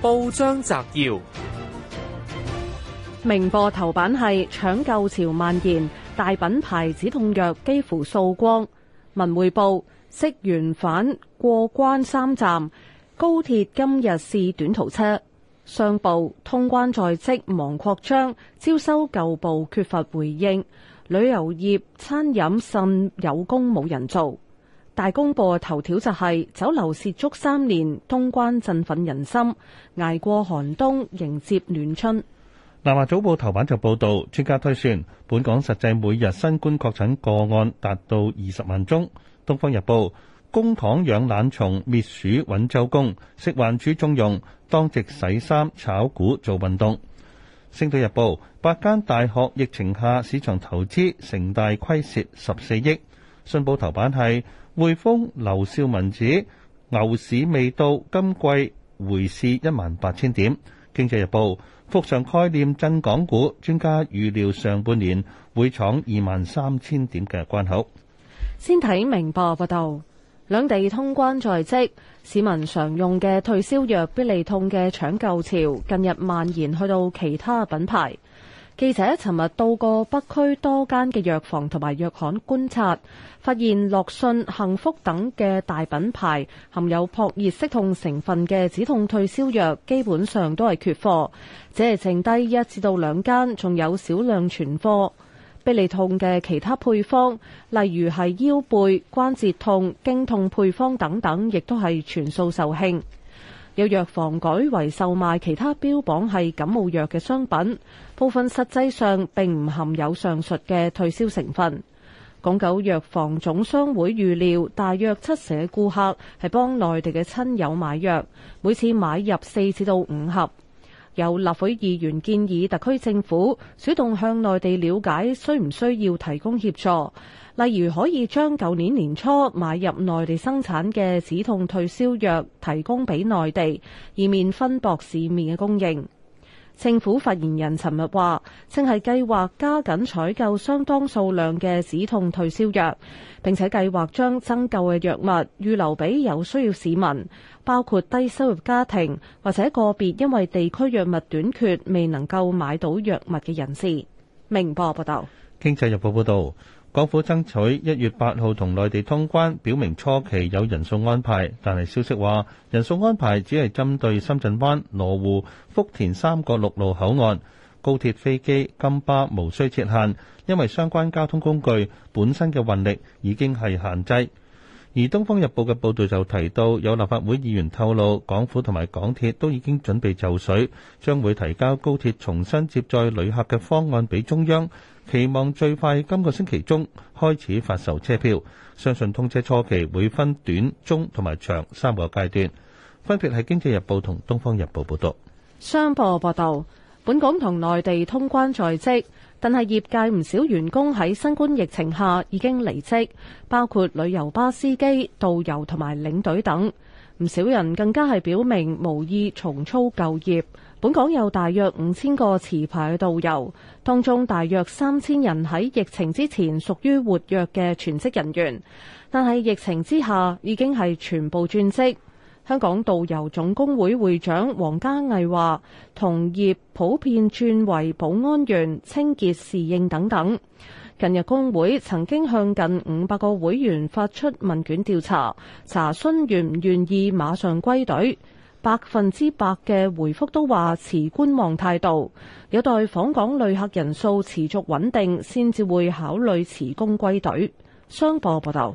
報章摘要：明報頭版係搶救潮蔓延，大品牌止痛藥幾乎掃光。文匯報：職員返過關三站，高鐵今日試短途車。商報：通關在即，忙擴張，招收舊部缺乏回應。旅遊業、餐飲甚有工冇人做。大公報頭條就係，是，酒樓涉足三年，通關振奮人心，捱過寒冬，迎接暖春。南華早報頭版就報道，專家推算本港實際每日新冠確診個案達到二十萬宗。《東方日報》公帑養懶蟲，滅鼠搵周公，食環署縱用，當值洗衫、炒股、做運動。《星島日報》八間大學疫情下市場投資成大虧蝕十四億。信報頭版係。匯豐劉少文指，牛市未到，今季回試一萬八千點。經濟日報復常概念震港股，專家預料上半年會闖二萬三千點嘅關口。先睇明報報道，兩地通關在即，市民常用嘅退燒藥必利痛嘅搶購潮近日蔓延去到其他品牌。記者尋日到過北區多間嘅藥房同埋藥行觀察，發現樂信、幸福等嘅大品牌含有撲熱息痛成分嘅止痛退燒藥基本上都係缺貨，只係剩低一至到兩間，仲有少量存貨。必理痛嘅其他配方，例如係腰背、關節痛、經痛配方等等，亦都係全數售罄。有藥房改為售賣其他標榜係感冒藥嘅商品，部分實際上並唔含有上述嘅退燒成分。港九藥房總商會預料，大約七成嘅顧客係幫內地嘅親友買藥，每次買入四至到五盒。有立法會議員建議特區政府主動向內地了解需唔需要提供協助，例如可以將舊年年初買入內地生產嘅止痛退燒藥提供俾內地，以免分薄市面嘅供應。政府發言人尋日話，正係計劃加緊採購相當數量嘅止痛退燒藥，並且計劃將增購嘅藥物預留俾有需要市民，包括低收入家庭或者個別因為地區藥物短缺未能夠買到藥物嘅人士。明報報道，經濟日報報道。港府爭取一月八號同內地通關，表明初期有人數安排，但係消息話，人數安排只係針對深圳灣、羅湖、福田三個陸路口岸，高鐵、飛機、金巴無需設限，因為相關交通工具本身嘅運力已經係限制。而《東方日報》嘅報導就提到，有立法會議員透露，港府同埋港鐵都已經準備就緒，將會提交高鐵重新接載旅客嘅方案俾中央，期望最快今個星期中開始發售車票。相信通車初期會分短、中同埋長三個階段。分別係《經濟日報》同《東方日報》報道。商報報導。本港同內地通關在即，但係業界唔少員工喺新冠疫情下已經離職，包括旅遊巴司機、導遊同埋領隊等。唔少人更加係表明無意重操舊業。本港有大約五千個持牌導遊，當中大約三千人喺疫情之前屬於活躍嘅全職人員，但係疫情之下已經係全部轉職。香港導遊總工會會長黃嘉毅話，同業普遍轉為保安員、清潔、侍應等等。近日工會曾經向近五百個會員發出問卷調查，查詢願唔願意馬上歸隊，百分之百嘅回覆都話持觀望態度，有待訪港旅客人數持續穩定先至會考慮辭工歸隊。商報報道。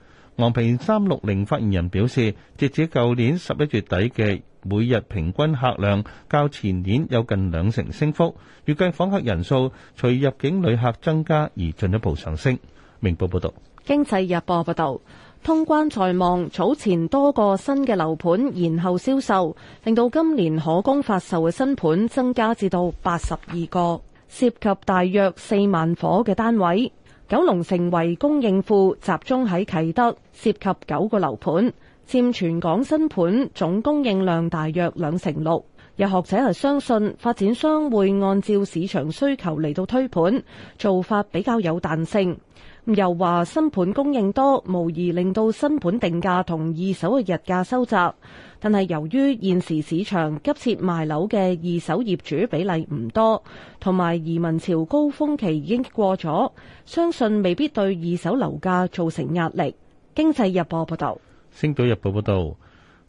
昂平三六零發言人表示，截至舊年十一月底嘅每日平均客量，較前年有近兩成升幅，預計訪客人數隨入境旅客增加而進一步上升。明報報道，經濟日報報道，通關在望，早前多個新嘅樓盤延後銷售，令到今年可供發售嘅新盤增加至到八十二個，涉及大約四萬伙嘅單位。九龍城為供應庫，集中喺啟德，涉及九個樓盤，佔全港新盤總供應量大約兩成六。有學者係相信發展商會按照市場需求嚟到推盤，做法比較有彈性。又話新盤供應多，無疑令到新盤定價同二手嘅日價收窄。但係由於現時市場急切賣樓嘅二手業主比例唔多，同埋移民潮高峰期已經過咗，相信未必對二手樓價造成壓力。經濟日報報導，《星島日報》報導。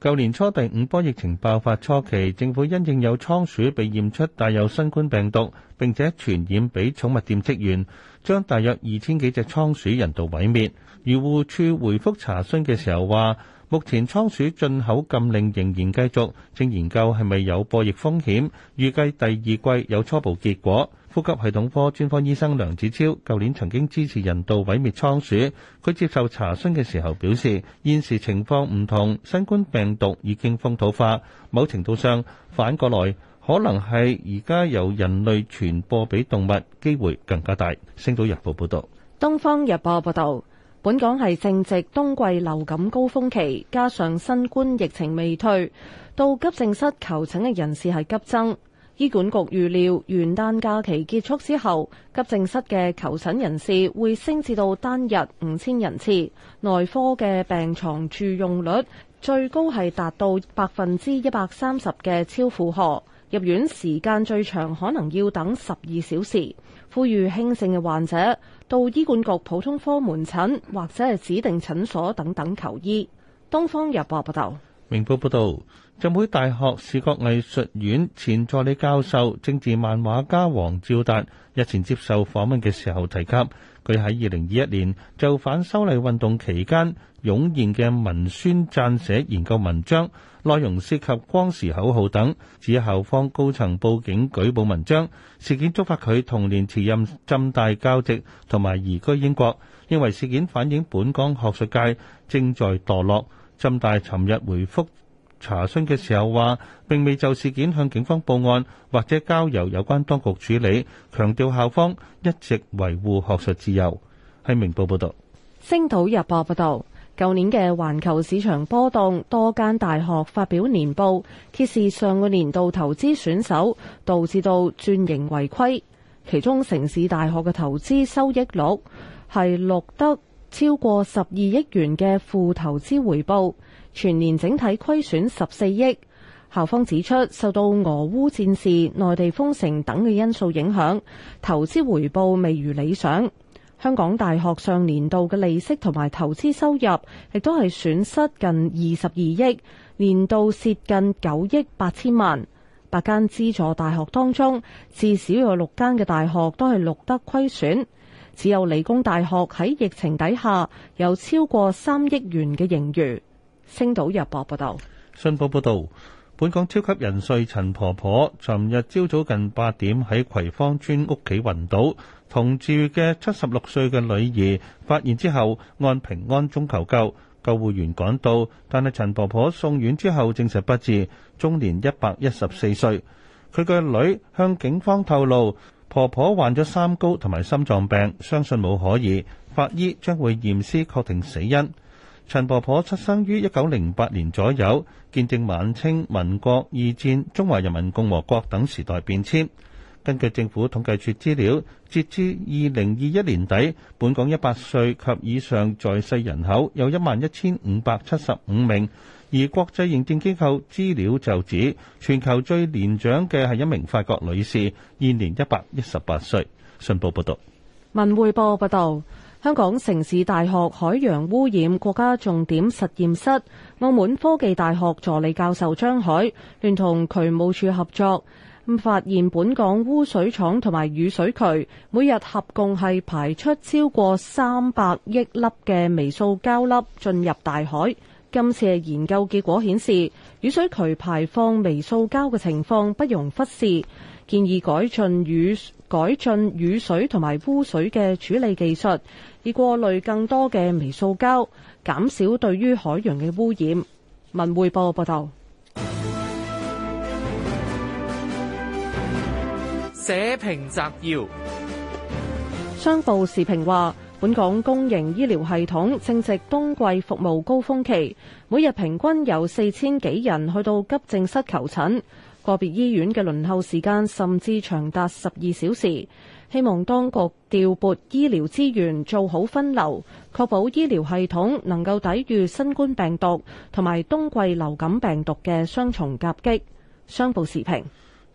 舊年初第五波疫情爆發初期，政府因應有倉鼠被驗出帶有新冠病毒，並且傳染俾寵物店職員，將大約二千幾隻倉鼠人道毀滅。漁護處回覆查詢嘅時候話，目前倉鼠進口禁令仍然繼續，正研究係咪有播疫風險，預計第二季有初步結果。呼吸系統科專科醫生梁子超，舊年曾經支持人道毀滅倉鼠。佢接受查詢嘅時候表示，現時情況唔同，新冠病毒已經風土化，某程度上反過來可能係而家由人類傳播俾動物機會更加大。星島日報報道。東方日報報道，本港係正值冬季流感高峰期，加上新冠疫情未退，到急症室求診嘅人士係急增。醫管局預料元旦假期結束之後，急症室嘅求診人士會升至到單日五千人次，內科嘅病床住用率最高係達到百分之一百三十嘅超負荷，入院時間最長可能要等十二小時。呼籲輕症嘅患者到醫管局普通科門診或者係指定診所等等求醫。東方日報報道，明報報道。浸會大學視覺藝術院前助理教授、政治漫畫家黃照達日前接受訪問嘅時候提及，佢喺二零二一年就反修例運動期間湧現嘅文宣撰寫研究文章，內容涉及光時口號等，指校方高層報警舉報文章事件，觸發佢同年辭任浸大教職，同埋移居英國，認為事件反映本港學術界正在墮落。浸大尋日回覆。查詢嘅時候話並未就事件向警方報案或者交由有關當局處理，強調校方一直維護學術自由。喺明報報道，星島日報報道，舊年嘅環球市場波動，多間大學發表年報，揭示上個年度投資損手導致到轉盈為虧，其中城市大學嘅投資收益率係錄得超過十二億元嘅負投資回報。全年整體虧損十四億，校方指出受到俄烏戰事、內地封城等嘅因素影響，投資回報未如理想。香港大學上年度嘅利息同埋投資收入亦都係損失近二十二億，年度蝕近九億八千萬。八間資助大學當中，至少有六間嘅大學都係錄得虧損，只有理工大學喺疫情底下有超過三億元嘅盈餘。星島日報報道，信報報道，本港超級人瑞陳婆婆，尋日朝早近八點喺葵芳村屋企暈倒，同住嘅七十六歲嘅女兒發現之後，按平安鐘求救，救護員趕到，但係陳婆婆送院之後證實不治，終年一百一十四歲。佢嘅女向警方透露，婆婆患咗三高同埋心臟病，相信冇可疑，法醫將會驗屍確定死因。陳婆婆出生於一九零八年左右，見證晚清、民國、二戰、中華人民共和國等時代變遷。根據政府統計處資料，截至二零二一年底，本港一百歲及以上在世人口有一萬一千五百七十五名。而國際認證機構資料就指，全球最年長嘅係一名法國女士，現年一百一十八歲。信報報道，文匯報報道。香港城市大學海洋污染國家重點實驗室、澳門科技大學助理教授張海聯同渠務署合作，咁發現本港污水廠同埋雨水渠每日合共係排出超過三百億粒嘅微塑膠粒進入大海。今次嘅研究結果顯示，雨水渠排放微塑膠嘅情況不容忽視，建議改進雨改進雨水同埋污水嘅處理技術，以過濾更多嘅微塑膠，減少對於海洋嘅污染。文匯報報道。社評摘要：商報時評話，本港公營醫療系統正值冬季服務高峰期，每日平均有四千幾人去到急症室求診。個別醫院嘅輪候時間甚至長達十二小時，希望當局調撥醫療資源做好分流，確保醫療系統能夠抵禦新冠病毒同埋冬季流感病毒嘅雙重夾擊。商報時評：《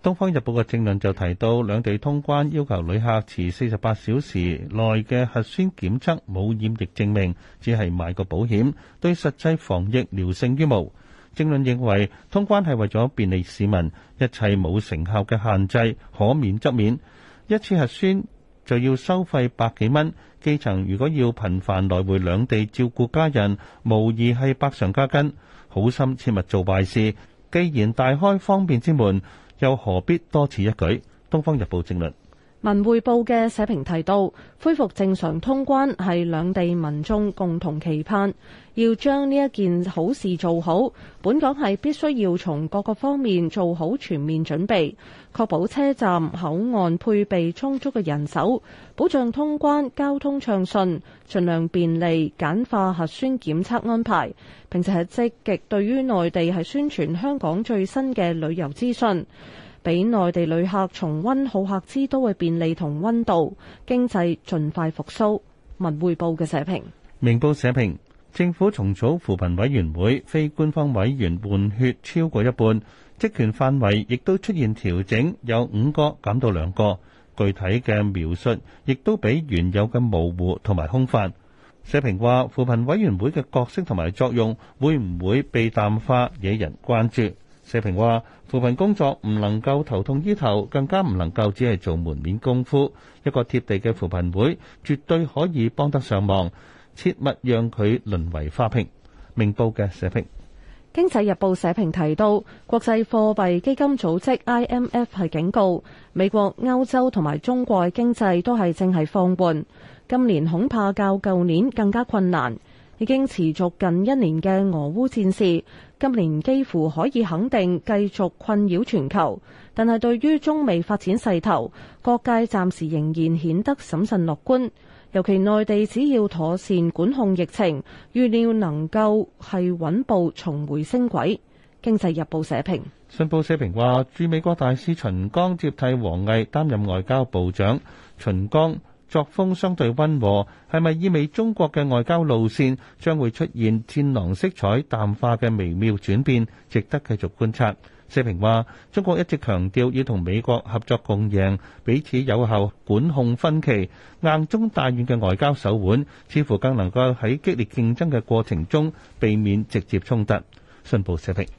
東方日報》嘅政論就提到，兩地通關要求旅客持四十八小時內嘅核酸檢測冇染疫證明，只係買個保險，對實際防疫聊勝於無。政論認為，通關係為咗便利市民，一切冇成效嘅限制可免則免。一次核酸就要收費百幾蚊，基層如果要頻繁來回兩地照顧家人，無疑係百上加斤。好心切勿做壞事。既然大開方便之門，又何必多此一舉？《東方日報》政論。文匯報嘅社評提到，恢復正常通關係兩地民眾共同期盼，要將呢一件好事做好。本港係必須要從各個方面做好全面準備，確保車站、口岸配備充足嘅人手，保障通關交通暢順，盡量便利簡化核酸檢測安排，並且係積極對於內地係宣傳香港最新嘅旅遊資訊。俾內地旅客重溫好客之都嘅便利同溫度，經濟盡快復甦。文匯報嘅社評。明報社評，政府重組扶貧委員會非官方委員換血超過一半，職權範圍亦都出現調整，有五個減到兩個，具體嘅描述亦都比原有嘅模糊同埋空泛。社評話扶貧委員會嘅角色同埋作用會唔會被淡化，惹人關注？社評話：扶貧工作唔能夠頭痛醫頭，更加唔能夠只係做門面功夫。一個貼地嘅扶貧會，絕對可以幫得上忙。切勿讓佢淪為花瓶。明報嘅社評，《經濟日報》社評提到，國際貨幣基金組織 IMF 係警告，美國、歐洲同埋中國嘅經濟都係正係放緩，今年恐怕較舊年更加困難。已經持續近一年嘅俄烏戰事，今年幾乎可以肯定繼續困擾全球。但係對於中美發展勢頭，各界暫時仍然顯得審慎樂觀。尤其內地只要妥善管控疫情，預料能夠係穩步重回升軌。經濟日報社評，信報社評話，駐美國大使秦剛接替王毅擔任外交部長。秦剛，作風相對温和，係咪意味中國嘅外交路綫將會出現戰狼色彩淡化嘅微妙轉變？值得繼續觀察。社評話，中國一直強調要同美國合作共贏，彼此有效管控分歧，硬中帶軟嘅外交手腕似乎更能夠喺激烈競爭嘅過程中避免直接衝突。信報社評。